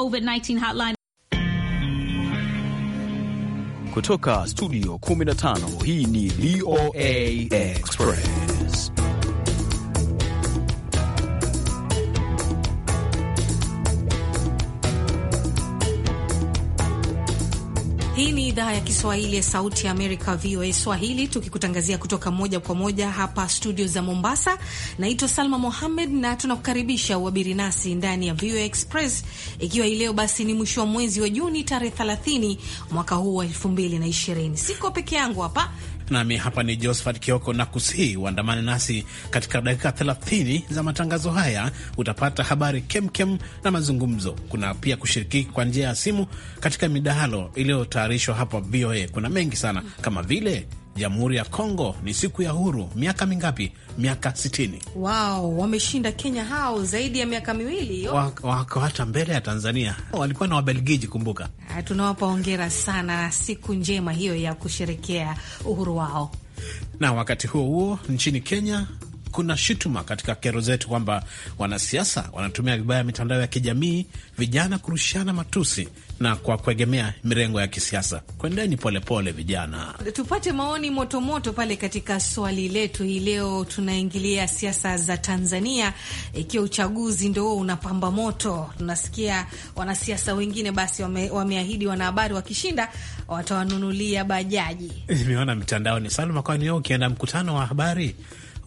COVID-19 hotline. Kutoka studio 15 hii ni VOA Express. Hii ni idhaa ya Kiswahili ya Sauti ya Amerika, VOA Swahili, tukikutangazia kutoka moja kwa moja hapa studio za Mombasa. Naitwa Salma Mohamed na tunakukaribisha uabiri nasi ndani ya VOA Express, ikiwa hii leo basi ni mwisho wa mwezi wa Juni tarehe 30 mwaka huu wa 2020. Siko peke yangu hapa Nami hapa ni Josephat Kioko na kusihi uandamane nasi katika dakika 30 za matangazo haya. Utapata habari kemkem na mazungumzo. Kuna pia kushiriki kwa njia ya simu katika midahalo iliyotayarishwa hapa VOA. Kuna mengi sana kama vile Jamhuri ya Kongo ni siku ya huru, miaka mingapi? Miaka 60. Wow, wameshinda Kenya hao zaidi ya miaka miwili, wako hata mbele ya Tanzania, walikuwa na Wabelgiji. Kumbuka, ah, tunawapa hongera sana, siku njema hiyo ya kusherekea uhuru wao. Na wakati huo huo nchini Kenya kuna shutuma katika kero zetu kwamba wanasiasa wanatumia vibaya mitandao ya kijamii, vijana kurushana matusi na kwa kuegemea mirengo ya kisiasa. Kwendeni polepole vijana, tupate maoni motomoto pale katika swali letu hii leo. Tunaingilia siasa za Tanzania, ikiwa uchaguzi ndo huo unapamba moto. Tunasikia wanasiasa wengine basi wame, wameahidi wanahabari wakishinda watawanunulia bajaji. Nimeona mitandaoni, Salma, kwani ukienda mkutano wa habari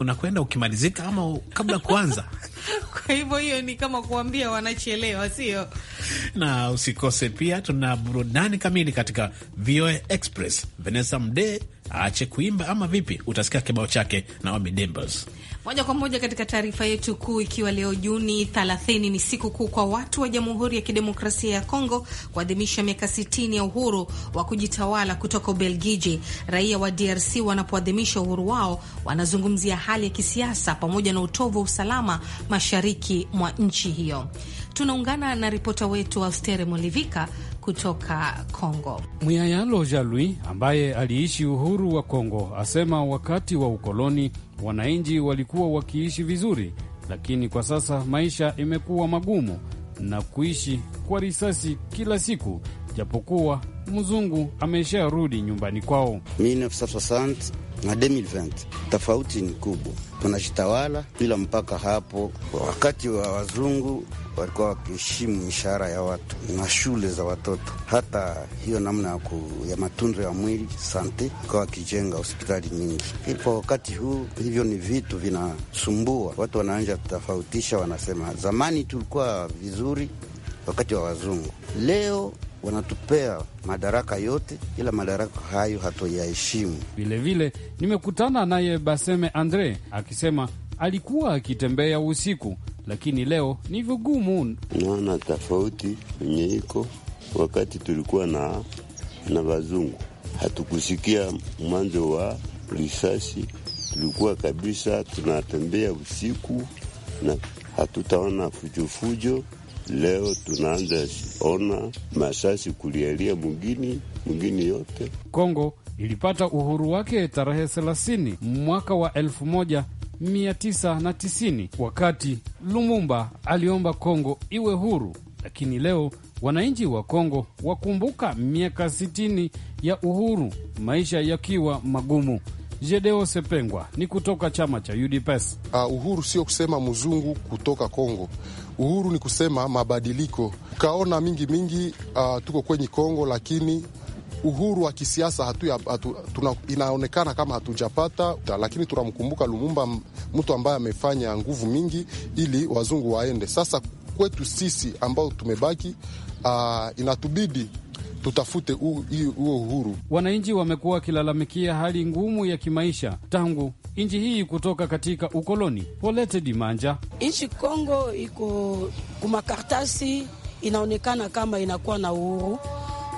unakwenda ukimalizika ama kabla kuanza? Kwa hivyo hiyo ni kama kuambia wanachelewa, sio? Na usikose pia, tuna burudani kamili katika VOA Express. Vanessa Mdee aache kuimba ama vipi? Utasikia kibao chake na Naomi moja kwa moja katika taarifa yetu kuu, ikiwa leo Juni 30 ni siku kuu kwa watu wa Jamhuri ya Kidemokrasia ya Kongo kuadhimisha miaka 60 ya uhuru wa kujitawala kutoka Ubelgiji. Raia wa DRC wanapoadhimisha uhuru wao wanazungumzia hali ya kisiasa pamoja na utovu wa usalama mashariki mwa nchi hiyo. Tunaungana na ripota wetu Austere Molivika kutoka Kongo. Muyayalo Jalui ambaye aliishi uhuru wa Kongo asema wakati wa ukoloni wananchi walikuwa wakiishi vizuri, lakini kwa sasa maisha imekuwa magumu na kuishi kwa risasi kila siku, japokuwa mzungu amesharudi nyumbani kwao na 2020 tofauti ni kubwa. Tunajitawala bila mpaka hapo. Wakati wa wazungu walikuwa wakiheshimu mishahara ya watu na shule za watoto, hata hiyo namna ya, ya matunzo ya mwili sante, ikawa wakijenga hospitali nyingi. Kwa wakati huu hivyo ni vitu vinasumbua watu, wanaanja tofautisha, wanasema zamani tulikuwa vizuri wakati wa wazungu, leo wanatupea madaraka yote, ila madaraka hayo hatoyaheshimu. Vilevile nimekutana naye Baseme Andre akisema alikuwa akitembea usiku, lakini leo ni vigumu. Naona tofauti wenye iko wakati tulikuwa na na wazungu, hatukusikia mwanzo wa risasi, tulikuwa kabisa tunatembea usiku na hatutaona fujofujo fujo. Leo tunaanza ona masasi kulialia mugini mugini yote. Kongo ilipata uhuru wake tarehe 30 mwaka wa 1990 wakati Lumumba aliomba Kongo iwe huru, lakini leo wananchi wa Kongo wakumbuka miaka 60 ya uhuru, maisha yakiwa magumu. Jedeo Sepengwa ni kutoka chama cha UDPS. Uh, uhuru sio kusema mzungu kutoka Kongo. Uhuru ni kusema mabadiliko. ukaona mingi mingi, uh, tuko kwenye Kongo, lakini uhuru wa kisiasa hatu, hatu, tuna, inaonekana kama hatujapata, lakini tunamkumbuka Lumumba, mtu ambaye amefanya nguvu mingi ili wazungu waende. Sasa kwetu sisi ambao tumebaki, uh, inatubidi tutafute huo uhuru. Wananchi wamekuwa wakilalamikia hali ngumu ya kimaisha tangu nchi hii kutoka katika ukoloni. Polete Dimanja, nchi Kongo iko kumakartasi, inaonekana kama inakuwa na uhuru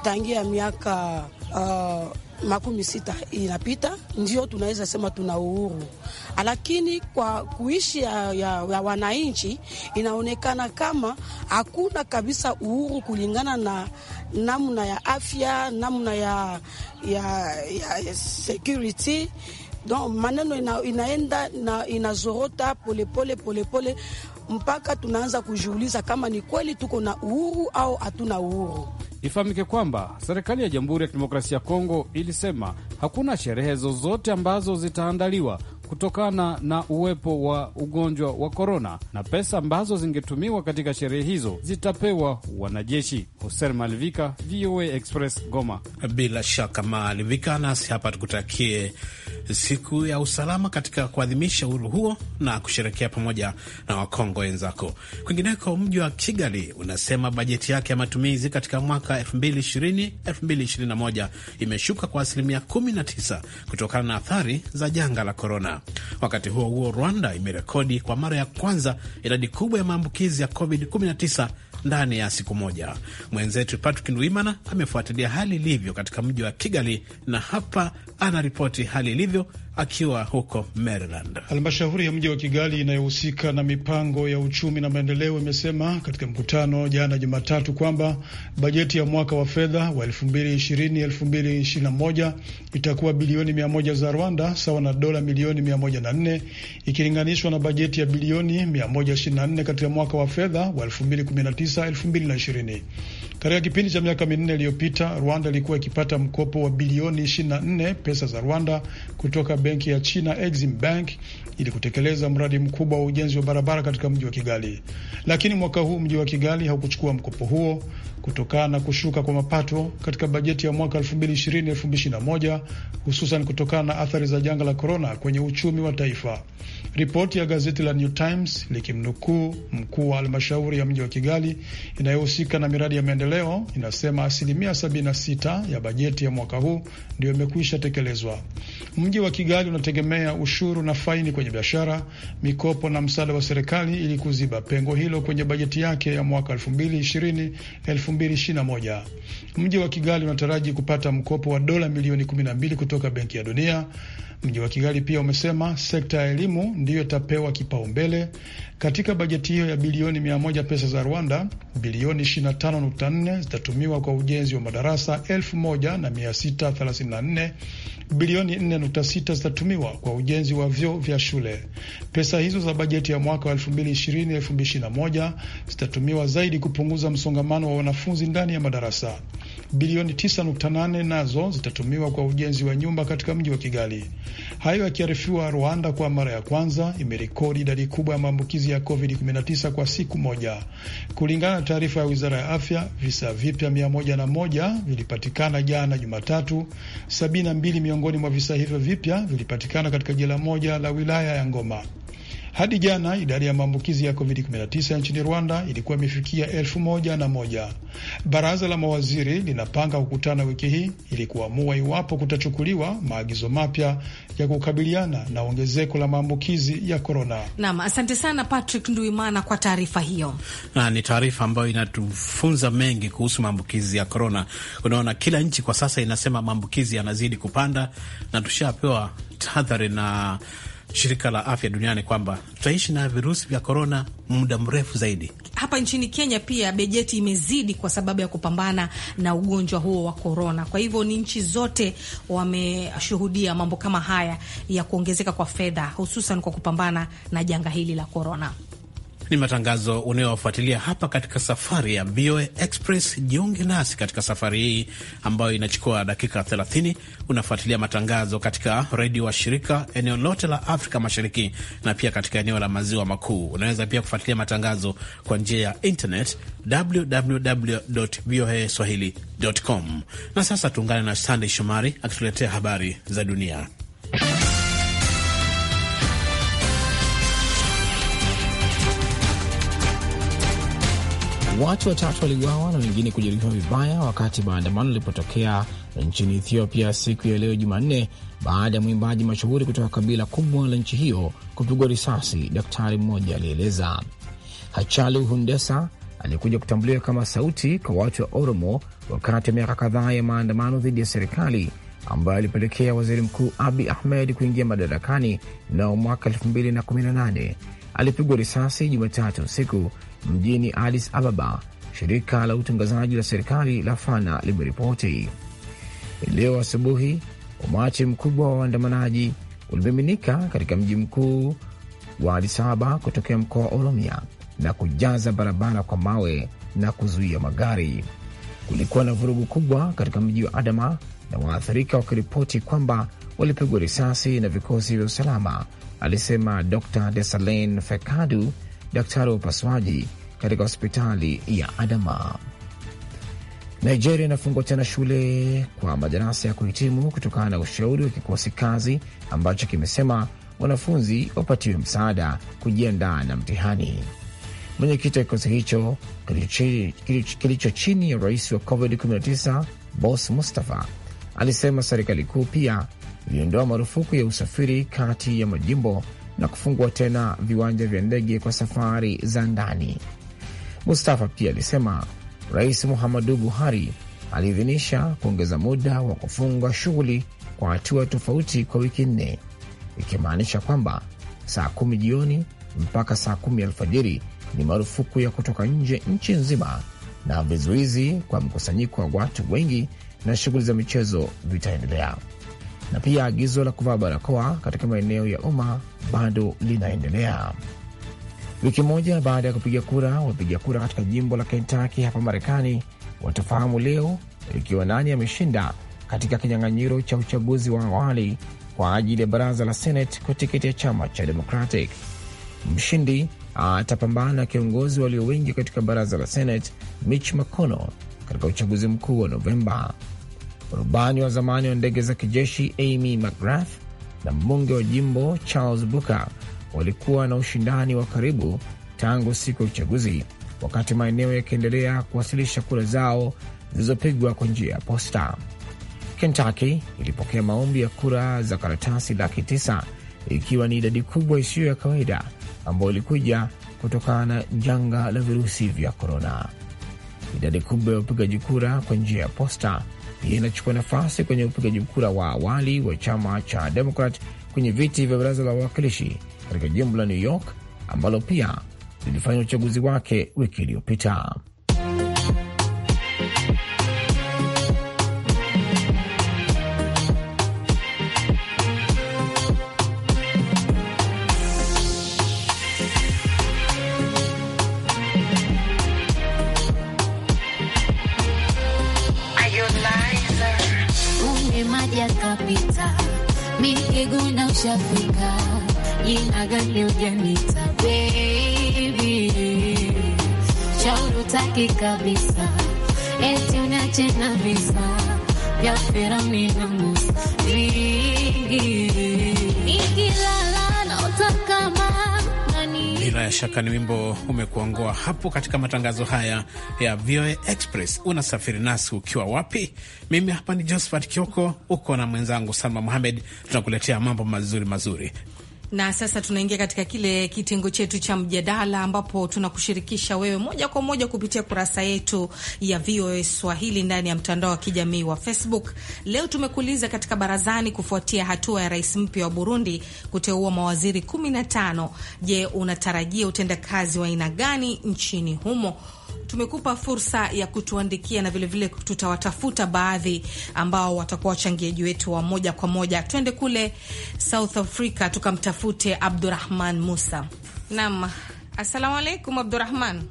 tangia miaka uh, makumi sita inapita, ndio tunaweza sema tuna uhuru, lakini kwa kuishi ya, ya, ya wananchi inaonekana kama hakuna kabisa uhuru kulingana na namna ya afya, namna ya, ya, ya security don maneno ina, inaenda na inazorota polepole polepole pole, mpaka tunaanza kujiuliza kama ni kweli tuko na uhuru au hatuna uhuru. Ifahamike kwamba serikali ya Jamhuri ya Kidemokrasia ya Kongo ilisema hakuna sherehe zozote ambazo zitaandaliwa kutokana na uwepo wa ugonjwa wa korona, na pesa ambazo zingetumiwa katika sherehe hizo zitapewa wanajeshi. Hoser Malivika, VOA Express, Goma. Bila shaka Malivika, nasi hapa tukutakie siku ya usalama katika kuadhimisha uhuru huo na kusherekea pamoja na wakongo wenzako. Kwingineko, mji wa Kigali unasema bajeti yake ya matumizi katika mwaka 2020 2021 imeshuka kwa asilimia 19 kutokana na athari za janga la korona. Wakati huo huo, Rwanda imerekodi kwa mara ya kwanza idadi kubwa ya maambukizi ya COVID-19 ndani ya siku moja. Mwenzetu Patrick Ndwimana amefuatilia hali ilivyo katika mji wa Kigali na hapa anaripoti hali ilivyo akiwa huko Maryland. Halmashauri ya mji wa Kigali inayohusika na mipango ya uchumi na maendeleo imesema katika mkutano jana Jumatatu kwamba bajeti ya mwaka wa fedha wa 2020-2021 itakuwa bilioni 100 za Rwanda, sawa na dola milioni 104 ikilinganishwa na bajeti ya bilioni 124 katika mwaka wa fedha wa 2020. Katika kipindi cha miaka minne iliyopita, Rwanda ilikuwa ikipata mkopo wa bilioni 24 pesa za Rwanda kutoka benki ya China Exim Bank ili kutekeleza mradi mkubwa wa ujenzi wa barabara katika mji wa Kigali. Lakini mwaka huu mji wa Kigali haukuchukua mkopo huo kutokana na kushuka kwa mapato katika bajeti ya mwaka 2020-2021 hususan kutokana na athari za janga la korona kwenye uchumi wa taifa. Ripoti ya gazeti la New Times likimnukuu mkuu wa halmashauri ya mji wa Kigali inayohusika na miradi ya maendeleo inasema asilimia 76 ya bajeti ya mwaka huu ndiyo imekwisha tekelezwa. Mji wa Kigali unategemea ushuru na faini kwenye biashara, mikopo na msaada wa serikali ili kuziba pengo hilo kwenye bajeti yake ya mwaka 2020 2021. Mji wa Kigali unataraji kupata mkopo wa dola milioni 12 kutoka Benki ya Dunia Mji wa Kigali pia umesema sekta ya elimu ndiyo itapewa kipaumbele katika bajeti hiyo ya bilioni 100 pesa za Rwanda. Bilioni 25.4 zitatumiwa kwa ujenzi wa madarasa 1634, bilioni 4.6 zitatumiwa kwa ujenzi wa vyoo vya shule. Pesa hizo za bajeti ya mwaka wa 2020-2021 zitatumiwa zaidi kupunguza msongamano wa wanafunzi ndani ya madarasa bilioni 9.8 nazo zitatumiwa kwa ujenzi wa nyumba katika mji wa Kigali. Hayo yakiarifiwa, Rwanda kwa mara ya kwanza imerekodi idadi kubwa ya maambukizi ya COVID-19 kwa siku moja. Kulingana na taarifa ya wizara ya afya, visa vipya 101 vilipatikana jana Jumatatu. 72 miongoni mwa visa hivyo vipya vilipatikana katika jela moja la wilaya ya Ngoma. Hadi jana idadi ya maambukizi ya COVID-19 nchini Rwanda ilikuwa imefikia elfu moja na moja. Baraza la mawaziri linapanga kukutana wiki hii ili kuamua iwapo kutachukuliwa maagizo mapya ya kukabiliana na ongezeko la maambukizi ya korona. Naam, asante sana Patrick Nduimana kwa taarifa hiyo. Na ni taarifa ambayo inatufunza mengi kuhusu maambukizi ya korona. Unaona, kila nchi kwa sasa inasema maambukizi yanazidi kupanda na tushapewa tahadhari na shirika la afya duniani kwamba tutaishi na virusi vya korona muda mrefu zaidi. Hapa nchini Kenya pia bajeti imezidi kwa sababu ya kupambana na ugonjwa huo wa korona. Kwa hivyo ni nchi zote wameshuhudia mambo kama haya ya kuongezeka kwa fedha, hususan kwa kupambana na janga hili la korona. Ni matangazo unayowafuatilia hapa katika safari ya VOA Express. Jiunge nasi katika safari hii ambayo inachukua dakika 30. Unafuatilia matangazo katika redio wa shirika eneo lote la Afrika Mashariki na pia katika eneo la maziwa makuu. Unaweza pia kufuatilia matangazo kwa njia ya internet swahilicom Na sasa tuungane na Sandey Shomari akituletea habari za dunia. Watu watatu waliuawa na wengine kujeruhiwa vibaya wakati maandamano yalipotokea nchini Ethiopia siku ya leo Jumanne, baada ya mwimbaji mashuhuri kutoka kabila kubwa la nchi hiyo kupigwa risasi. Daktari mmoja alieleza. Hachalu hundesa alikuja kutambuliwa kama sauti kwa watu wa Oromo wakati wa miaka kadhaa ya maandamano dhidi ya serikali ambayo alipelekea waziri mkuu Abi Ahmed kuingia madarakani nao mwaka 2018 alipigwa risasi Jumatatu usiku mjini Addis Ababa, shirika la utangazaji la serikali la Fana limeripoti. Leo asubuhi, umati mkubwa wa waandamanaji ulimiminika katika mji mkuu wa Addis Ababa kutokea mkoa wa Oromia na kujaza barabara kwa mawe na kuzuia magari. Kulikuwa na vurugu kubwa katika mji wa Adama na waathirika wakiripoti kwamba walipigwa risasi na vikosi vya usalama alisema Dr Desalain Fekadu, daktari wa upasuaji katika hospitali ya Adama. Nigeria inafungwa tena shule kwa madarasa ya kuhitimu kutokana na ushauri wa kikosi kazi ambacho kimesema wanafunzi wapatiwe msaada kujiandaa na mtihani. Mwenyekiti wa kikosi hicho kilicho chini ya rais wa COVID-19 Boss Mustafa alisema serikali kuu pia iliondoa marufuku ya usafiri kati ya majimbo na kufungua tena viwanja vya ndege kwa safari za ndani. Mustafa pia alisema Rais Muhammadu Buhari aliidhinisha kuongeza muda wa kufunga shughuli kwa hatua tofauti kwa wiki nne, ikimaanisha kwamba saa kumi jioni mpaka saa kumi alfajiri ni marufuku ya kutoka nje nchi nzima, na vizuizi kwa mkusanyiko wa watu wengi na shughuli za michezo vitaendelea na pia agizo la kuvaa barakoa katika maeneo ya umma bado linaendelea. Wiki moja baada ya kupiga kura, wapiga kura katika jimbo la kentaki hapa Marekani watafahamu leo ikiwa nani ameshinda katika kinyang'anyiro cha uchaguzi wa awali kwa ajili ya baraza la Senate kwa tiketi ya chama cha Democratic. Mshindi atapambana na kiongozi walio wengi katika baraza la Senate Mitch McConnell katika uchaguzi mkuu wa Novemba rubani wa zamani wa ndege za kijeshi Amy McGrath na mbunge wa jimbo Charles Booker walikuwa na ushindani wa karibu tangu siku ya uchaguzi, wakati maeneo yakiendelea kuwasilisha kura zao zilizopigwa kwa njia ya posta. Kentucky ilipokea maombi ya kura za karatasi laki tisa ikiwa ni idadi kubwa isiyo ya kawaida ambayo ilikuja kutokana na janga la virusi vya korona. Idadi kubwa ya upigaji kura kwa njia ya posta pia inachukua nafasi kwenye upigaji kura wa awali wa chama cha Demokrat kwenye viti vya baraza la wawakilishi katika jimbo la New York ambalo pia lilifanya uchaguzi wake wiki iliyopita. ushafika, ila gani ujanita taki kabisa, eti unache visa vya firauni na vingi nikilala bila shaka ni wimbo umekuongoa hapo katika matangazo haya ya VOA Express. Unasafiri nasi ukiwa wapi? Mimi hapa ni Josephat Kioko, uko na mwenzangu Salma Muhamed, tunakuletea mambo mazuri mazuri na sasa tunaingia katika kile kitengo chetu cha mjadala, ambapo tunakushirikisha wewe moja kwa moja kupitia kurasa yetu ya VOA Swahili ndani ya mtandao wa kijamii wa Facebook. Leo tumekuuliza katika barazani, kufuatia hatua ya rais mpya wa Burundi kuteua mawaziri 15, je, unatarajia utendakazi wa aina gani nchini humo? tumekupa fursa ya kutuandikia na vilevile tutawatafuta baadhi ambao watakuwa wachangiaji wetu wa moja kwa moja. Twende kule South Africa tukamtafute Abdurahman Musa. Naam, assalamu alaikum Abdurahman.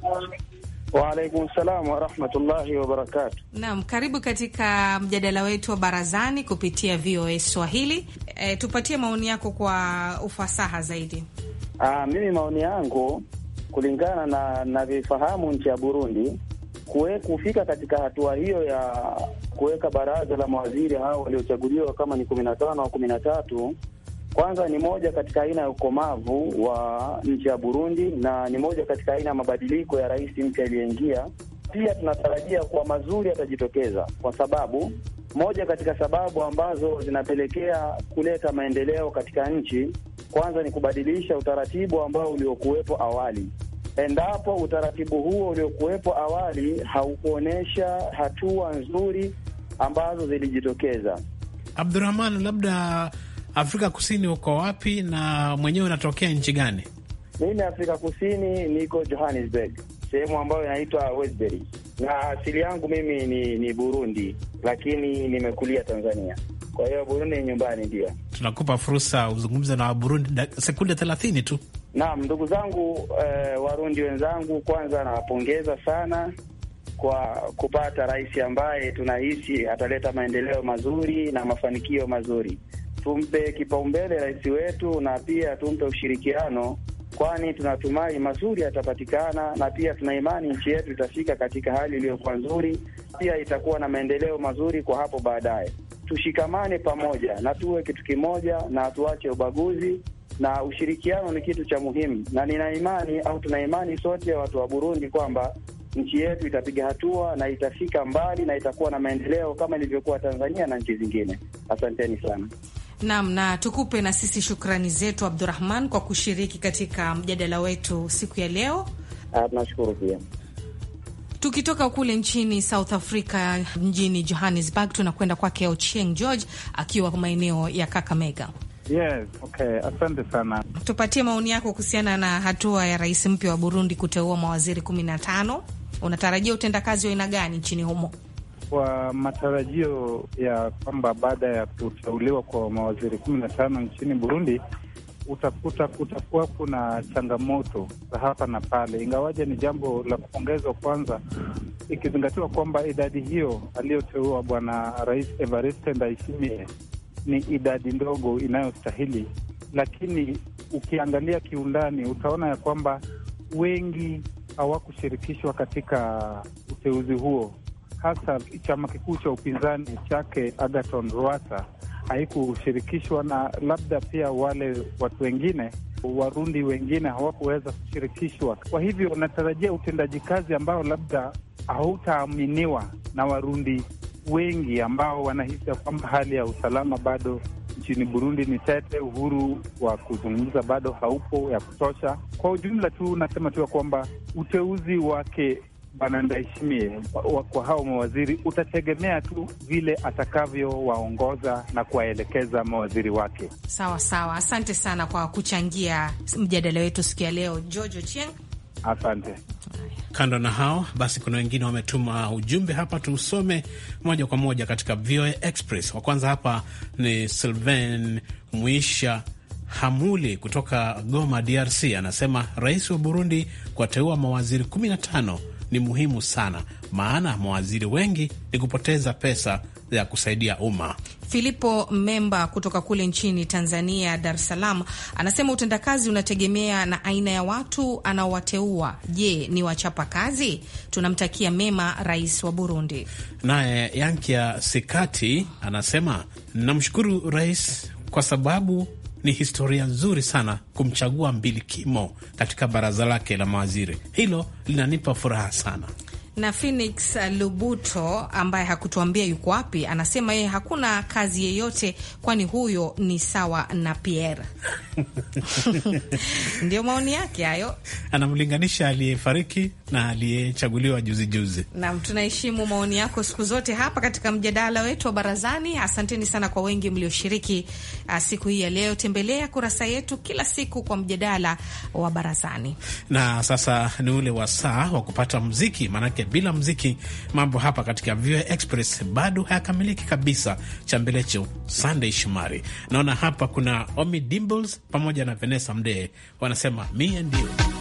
Waalaikum salam warahmatullahi wabarakatu. Naam, karibu katika mjadala wetu wa barazani kupitia VOA Swahili. E, tupatie maoni yako kwa ufasaha zaidi. Aa, ah, mimi maoni yangu kulingana na navyoifahamu nchi ya Burundi kue, kufika katika hatua hiyo ya kuweka baraza la mawaziri hao waliochaguliwa kama ni kumi na tano au kumi na tatu kwanza ni moja katika aina ya ukomavu wa nchi ya Burundi na ni moja katika aina ya mabadiliko ya rais mpya aliyeingia. Pia tunatarajia kuwa mazuri yatajitokeza, kwa sababu moja katika sababu ambazo zinapelekea kuleta maendeleo katika nchi kwanza ni kubadilisha utaratibu ambao uliokuwepo awali. Endapo utaratibu huo uliokuwepo awali haukuonyesha hatua nzuri ambazo zilijitokeza. Abdurahman, labda Afrika Kusini uko wapi na mwenyewe unatokea nchi gani? Mimi Afrika Kusini niko Johannesburg, sehemu ambayo inaitwa Westbury, na asili yangu mimi ni, ni Burundi, lakini nimekulia Tanzania. Kwa hiyo Burundi nyumbani, ndio tunakupa fursa uzungumze na Waburundi sekunde thelathini tu. Naam, ndugu zangu, e, Warundi wenzangu, kwanza nawapongeza sana kwa kupata rais ambaye tunahisi ataleta maendeleo mazuri na mafanikio mazuri. Tumpe kipaumbele rais wetu na pia tumpe ushirikiano, kwani tunatumai mazuri yatapatikana, na pia tuna imani nchi yetu itafika katika hali iliyokuwa nzuri, pia itakuwa na maendeleo mazuri kwa hapo baadaye tushikamane pamoja na tuwe kitu kimoja na tuache ubaguzi na ushirikiano ni kitu cha muhimu, na nina imani au tuna imani sote watu wa Burundi kwamba nchi yetu itapiga hatua na itafika mbali na itakuwa na maendeleo kama ilivyokuwa Tanzania na nchi zingine. Asanteni sana. Naam, na tukupe na sisi shukrani zetu Abdurahman kwa kushiriki katika mjadala wetu siku ya leo. Ah, tunashukuru pia. Tukitoka kule nchini South Africa, mjini Johannesburg, tunakwenda kwake Ochieng George akiwa maeneo ya Kakamega. Yes, okay. Asante sana. Tupatie maoni yako kuhusiana na hatua ya rais mpya wa Burundi kuteua mawaziri kumi na tano. Unatarajia utendakazi wa aina gani nchini humo? Kwa matarajio ya kwamba baada ya kuteuliwa kwa mawaziri kumi na tano nchini Burundi, utakuta kutakuwa kuna changamoto za hapa na pale, ingawaje ni jambo la kupongezwa kwanza, ikizingatiwa kwamba idadi hiyo aliyoteua Bwana Rais Evariste Ndayishimiye ni idadi ndogo inayostahili, lakini ukiangalia kiundani utaona ya kwamba wengi hawakushirikishwa katika uteuzi huo, hasa chama kikuu cha upinzani chake agaton Rwasa haikushirikishwa na labda pia wale watu wengine Warundi wengine hawakuweza kushirikishwa. Kwa hivyo unatarajia utendaji kazi ambao labda hautaaminiwa na Warundi wengi ambao wanahisi ya kwamba hali ya usalama bado nchini Burundi ni tete, uhuru wa kuzungumza bado haupo ya kutosha. Kwa ujumla tu nasema tu ya kwamba uteuzi wake Bwana Ndayishimiye kwa hao mawaziri, utategemea tu vile atakavyowaongoza na kuwaelekeza mawaziri wake. Sawa sawa, asante sana kwa kuchangia mjadala wetu siku ya leo, Jojo Chieng. Asante. Kando na hao basi, kuna wengine wametuma ujumbe hapa, tuusome moja kwa moja katika VOA Express. Wa kwanza hapa ni Sylvain Mwisha Hamuli kutoka Goma, DRC, anasema rais wa Burundi kuwateua mawaziri 15 ni muhimu sana, maana mawaziri wengi ni kupoteza pesa ya kusaidia umma. Filipo Memba kutoka kule nchini Tanzania, Dar es Salaam, anasema utendakazi unategemea na aina ya watu anaowateua. Je, ni wachapa kazi? Tunamtakia mema rais wa Burundi. Naye Yankia Sikati anasema namshukuru rais kwa sababu ni historia nzuri sana kumchagua Mbilikimo katika baraza lake la mawaziri. Hilo linanipa furaha sana na Phoenix Lubuto ambaye hakutuambia yuko wapi, anasema yeye hakuna kazi yeyote, kwani huyo ni sawa na Pierre. Ndio maoni yake hayo, anamlinganisha aliyefariki na aliyechaguliwa juzi juzi. Nam, tunaheshimu maoni yako siku zote hapa katika mjadala wetu wa barazani. Asanteni sana kwa wengi mlioshiriki ah, siku hii ya leo. Tembelea kurasa yetu kila siku kwa mjadala wa barazani, na sasa ni ule wasaa wa kupata mziki maanake bila mziki. Mambo hapa katika VOA Express bado hayakamiliki kabisa. Chambelecho Sunday Shumari, naona hapa kuna Omi Dimbles pamoja na Vanessa Mdee wanasema me and you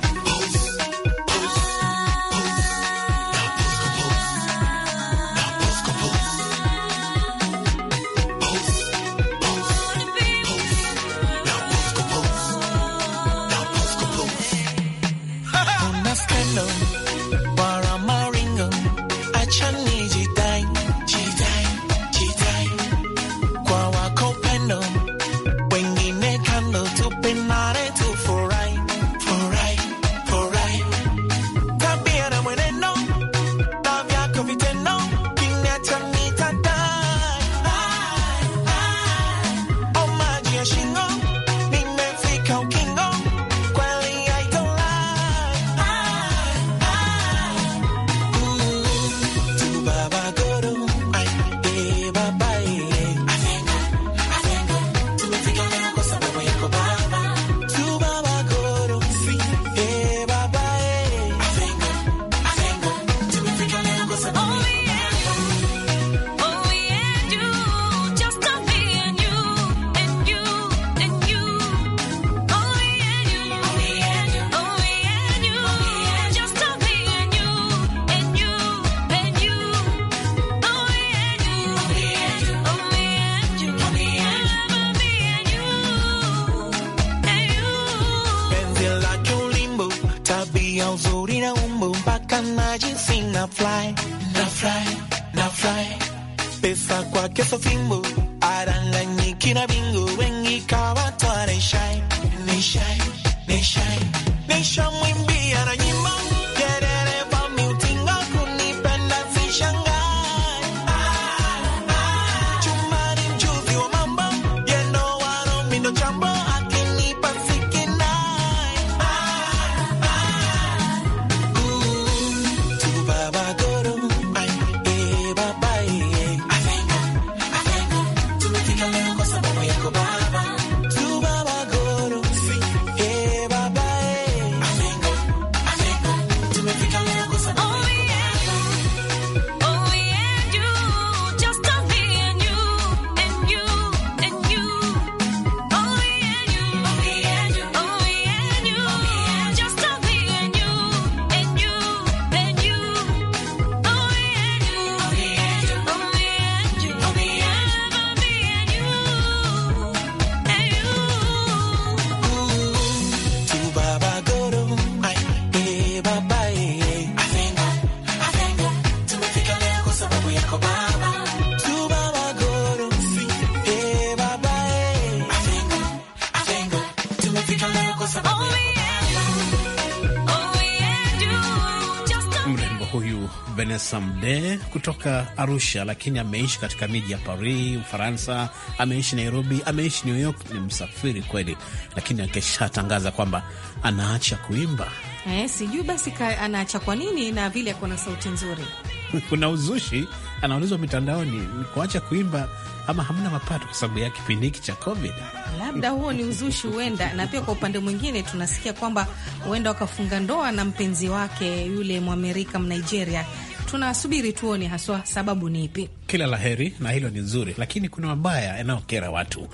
Kone Samde kutoka Arusha, lakini ameishi katika miji ya Paris, Ufaransa, ameishi Nairobi, ameishi New York. Ni msafiri kweli, lakini akishatangaza kwamba anaacha kuimba eh, sijui basi anaacha kwa nini, na vile ako na sauti nzuri kuna uzushi anaulizwa mitandaoni, kuacha kuimba ama hamna mapato kwa sababu ya kipindi hiki cha Covid. Labda huo ni uzushi huenda, na pia kwa upande mwingine tunasikia kwamba huenda wakafunga ndoa na mpenzi wake yule Mwamerika Mnigeria tunasubiri tuone haswa sababu ni ipi. Kila la heri, na hilo ni nzuri, lakini kuna mabaya yanayokera watu.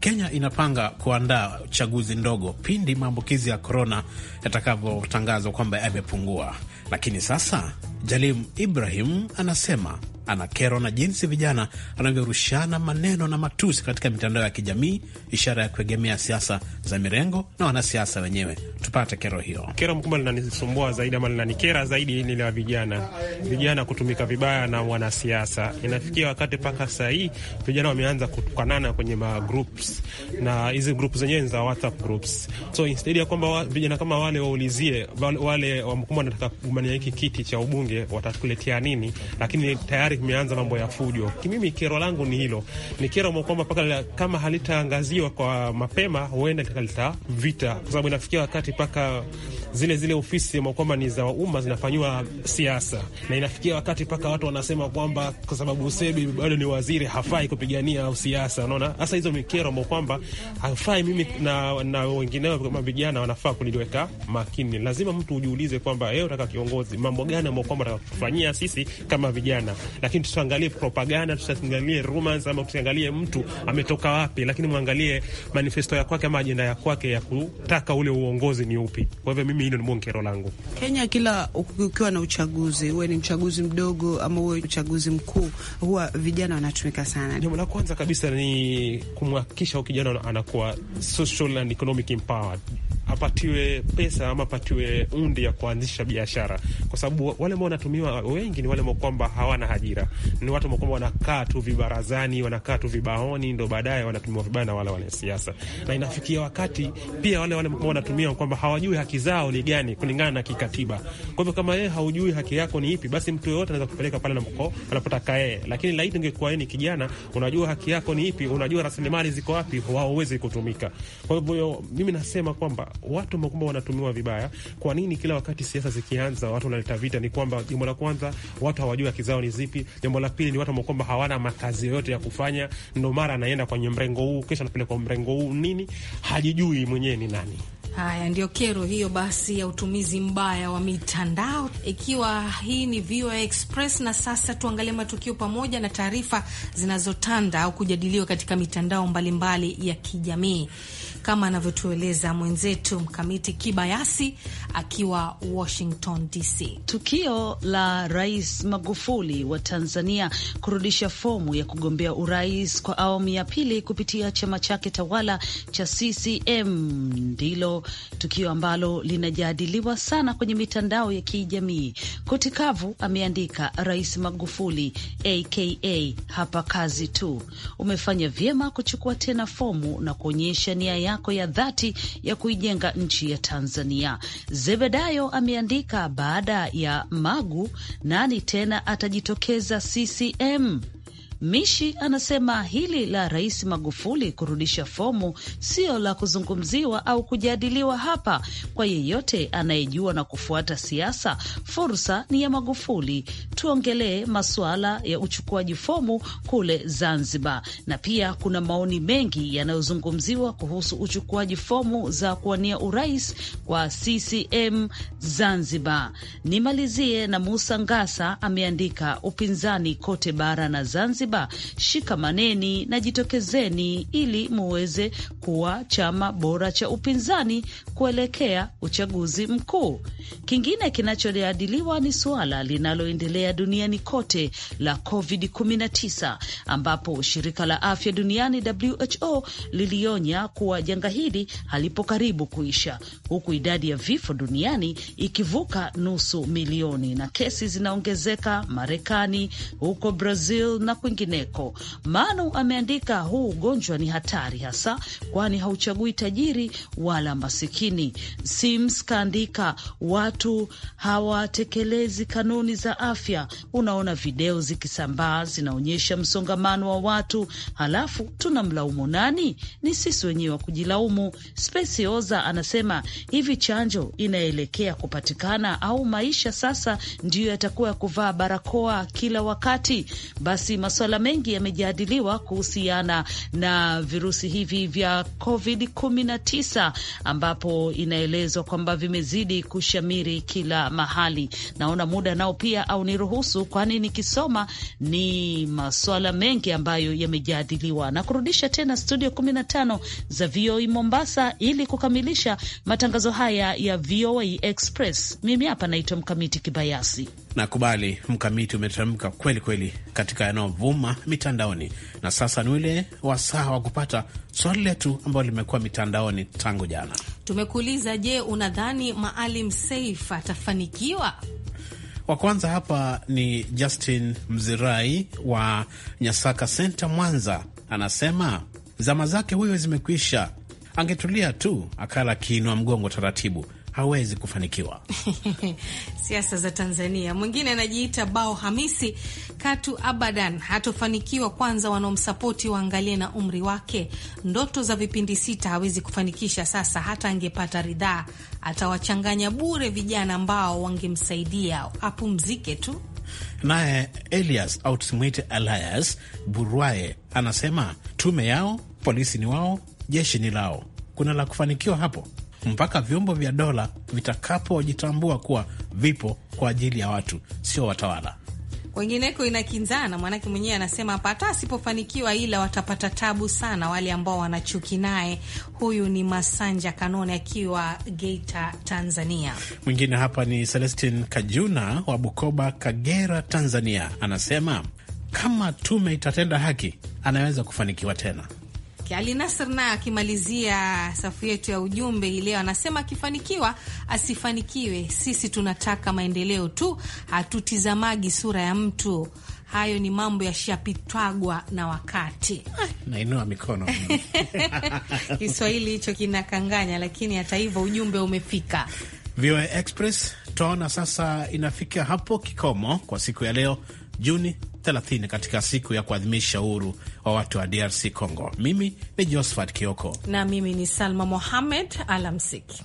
Kenya inapanga kuandaa chaguzi ndogo pindi maambukizi ya korona yatakavyotangazwa kwamba yamepungua, lakini sasa Jalim Ibrahim anasema anakerwa na jinsi vijana anavyorushana maneno na matusi katika mitandao ya kijamii, ishara ya kuegemea siasa za mirengo na wanasiasa wenyewe. Tupate kero hiyo. Kero mkubwa linanisumbua zaidi ama linanikera zaidi ni la vijana, vijana kutumika vibaya na wanasiasa. Inafikia wakati mpaka saa hii vijana wameanza kutukanana kwenye magroups, na hizi groups zenyewe ni za WhatsApp groups. So instead ya kwamba vijana kama wale waulizie wale wamkubwa, nataka kugombania hiki kiti cha ubunge bunge watatuletea nini, lakini tayari imeanza mambo ya fujo. Mimi kero langu ni hilo, ni kero kwamba mpaka kama halitaangaziwa kwa mapema, huenda likaleta vita, kwa sababu inafikia wakati mpaka zile zile ofisi kwamba ni za umma zinafanyiwa siasa, na inafikia wakati mpaka watu wanasema kwamba kwa sababu Usebi bado ni waziri hafai kupigania siasa. Unaona, hasa hizo mikero ambao kwamba hafai. Mimi na, na wengineo kama vijana wanafaa kuliweka makini. Lazima mtu ujiulize kwamba yeye eh, unataka kiongozi mambo gani ambao kwamba watakutufanyia sisi kama vijana, lakini tusiangalie propaganda, tusiangalie rumors ama tusiangalie mtu ametoka wapi, lakini mwangalie manifesto ya kwake ama ajenda ya kwake ya kutaka ule uongozi ni upi. Kwa hivyo mimi hilo ni mwongero langu. Kenya kila ukiwa na uchaguzi, uwe ni mchaguzi mdogo ama uwe uchaguzi mkuu, huwa vijana wanatumika sana. Jambo la kwanza kabisa ni kumhakikisha kijana anakuwa social and economic empowered, apatiwe pesa ama apatiwe undi ya kuanzisha biashara, kwa sababu wale wanatumiwa wengi ni wale kwamba hawana ajira, ni watu kwamba wanakaa tu vibarazani, wanakaa tu vibaoni, ndo baadaye wanatumiwa vibaya na wale wanasiasa, na inafikia wakati pia wale wale wanatumiwa kwamba hawajui haki zao ni gani kulingana na kikatiba. Kwa hivyo kama yeye haujui haki yako ni ipi, basi mtu yeyote anaweza kupeleka pale anapoko anapotaka yeye, lakini laiti ingekuwa yeye ni kijana, unajua haki yako ni ipi, unajua rasilimali ziko wapi, wao hawawezi kutumika. Kwa hivyo mimi nasema kwamba watu kwamba wanatumiwa vibaya. Kwa nini kila wakati siasa zikianza watu wanaleta vita? Ni kwamba kwamba jambo la kwanza watu hawajui haki zao ni zipi. Jambo la pili ni watu kwamba hawana makazi yoyote ya kufanya, ndo mara anaenda kwenye mrengo huu, kesho anapelekwa mrengo huu, nini, hajijui mwenyewe ni nani. Haya ndio kero hiyo basi ya utumizi mbaya wa mitandao. Ikiwa hii ni VOA Express, na sasa tuangalie matukio pamoja na taarifa zinazotanda au kujadiliwa katika mitandao mbalimbali mbali ya kijamii kama anavyotueleza mwenzetu Mkamiti Kibayasi akiwa Washington DC. Tukio la Rais Magufuli wa Tanzania kurudisha fomu ya kugombea urais kwa awamu ya pili kupitia chama chake tawala cha CCM ndilo tukio ambalo linajadiliwa sana kwenye mitandao ya kijamii. kutikavu ameandika, Rais Magufuli aka hapa kazi tu, umefanya vyema kuchukua tena fomu na kuonyesha nia ya yako ya dhati ya kuijenga nchi ya Tanzania. Zebedayo ameandika baada ya Magu, nani tena atajitokeza CCM? Mishi anasema hili la Rais Magufuli kurudisha fomu sio la kuzungumziwa au kujadiliwa hapa. Kwa yeyote anayejua na kufuata siasa, fursa ni ya Magufuli. Tuongelee masuala ya uchukuaji fomu kule Zanzibar, na pia kuna maoni mengi yanayozungumziwa kuhusu uchukuaji fomu za kuwania urais kwa CCM Zanzibar. Nimalizie na Musa Ngasa ameandika upinzani kote bara na Zanzibar Zanzibar, shikamaneni na jitokezeni ili muweze kuwa chama bora cha upinzani kuelekea uchaguzi mkuu. Kingine kinachojadiliwa ni suala linaloendelea duniani kote la COVID-19 ambapo shirika la afya duniani WHO lilionya kuwa janga hili halipo karibu kuisha, huku idadi ya vifo duniani ikivuka nusu milioni na kesi zinaongezeka Marekani, huko Brazil na kwingine kwingineko. Manu ameandika huu ugonjwa ni hatari hasa, kwani hauchagui tajiri wala masikini. Sims kaandika watu hawatekelezi kanuni za afya. Unaona video zikisambaa zinaonyesha msongamano wa watu, halafu tunamlaumu nani? Ni sisi wenyewe wa kujilaumu. Spesioza anasema hivi, chanjo inaelekea kupatikana au maisha sasa ndiyo yatakuwa ya kuvaa barakoa kila wakati? Basi maswali masuala mengi yamejadiliwa kuhusiana na virusi hivi vya COVID 19 ambapo inaelezwa kwamba vimezidi kushamiri kila mahali. Naona muda nao pia au niruhusu, kwani nikisoma ni masuala mengi ambayo yamejadiliwa, na kurudisha tena studio 15 za VOA e Mombasa ili kukamilisha matangazo haya ya VOA e Express. Mimi hapa naitwa Mkamiti Kibayasi. Nakubali mkamiti umetamka kweli kweli katika yanayovuma mitandaoni, na sasa ni ule wasaa wa kupata swali letu ambalo limekuwa mitandaoni tangu jana. Tumekuuliza, je, unadhani Maalim Seif atafanikiwa? Wa kwanza hapa ni Justin Mzirai wa Nyasaka Senta, Mwanza, anasema zama zake huyo zimekwisha, angetulia tu akala akiinwa mgongo taratibu hawezi kufanikiwa. Siasa za Tanzania. Mwingine anajiita Bao Hamisi Katu, abadan hatofanikiwa. Kwanza wanaomsapoti waangalie na umri wake. Ndoto za vipindi sita hawezi kufanikisha. Sasa hata angepata ridhaa, atawachanganya bure vijana ambao wangemsaidia, apumzike tu. Naye Elias au Elias Burwae anasema tume yao, polisi ni wao, jeshi ni lao. Kuna la kufanikiwa hapo? mpaka vyombo vya dola vitakapojitambua kuwa vipo kwa ajili ya watu, sio watawala. Wengineko inakinzana, mwanake mwenyewe anasema hapa, hata asipofanikiwa ila watapata tabu sana wale ambao wanachuki naye. Huyu ni Masanja Kanone akiwa Geita, Tanzania. Mwingine hapa ni Celestin Kajuna wa Bukoba, Kagera, Tanzania, anasema kama tume itatenda haki anaweza kufanikiwa tena wake Ali Nasr naye akimalizia safu yetu ya ujumbe hii leo anasema akifanikiwa asifanikiwe, sisi tunataka maendeleo tu, hatutizamagi sura ya mtu. Hayo ni mambo yashapitwagwa na wakati. Nainua mikono Kiswahili hicho kinakanganya, lakini hata hivyo ujumbe umefika. VOA Express twaona sasa inafika hapo kikomo kwa siku ya leo Juni 30 katika siku ya kuadhimisha uhuru wa watu wa DRC Congo. Mimi ni Josephat Kioko na mimi ni Salma Mohamed. Alamsiki.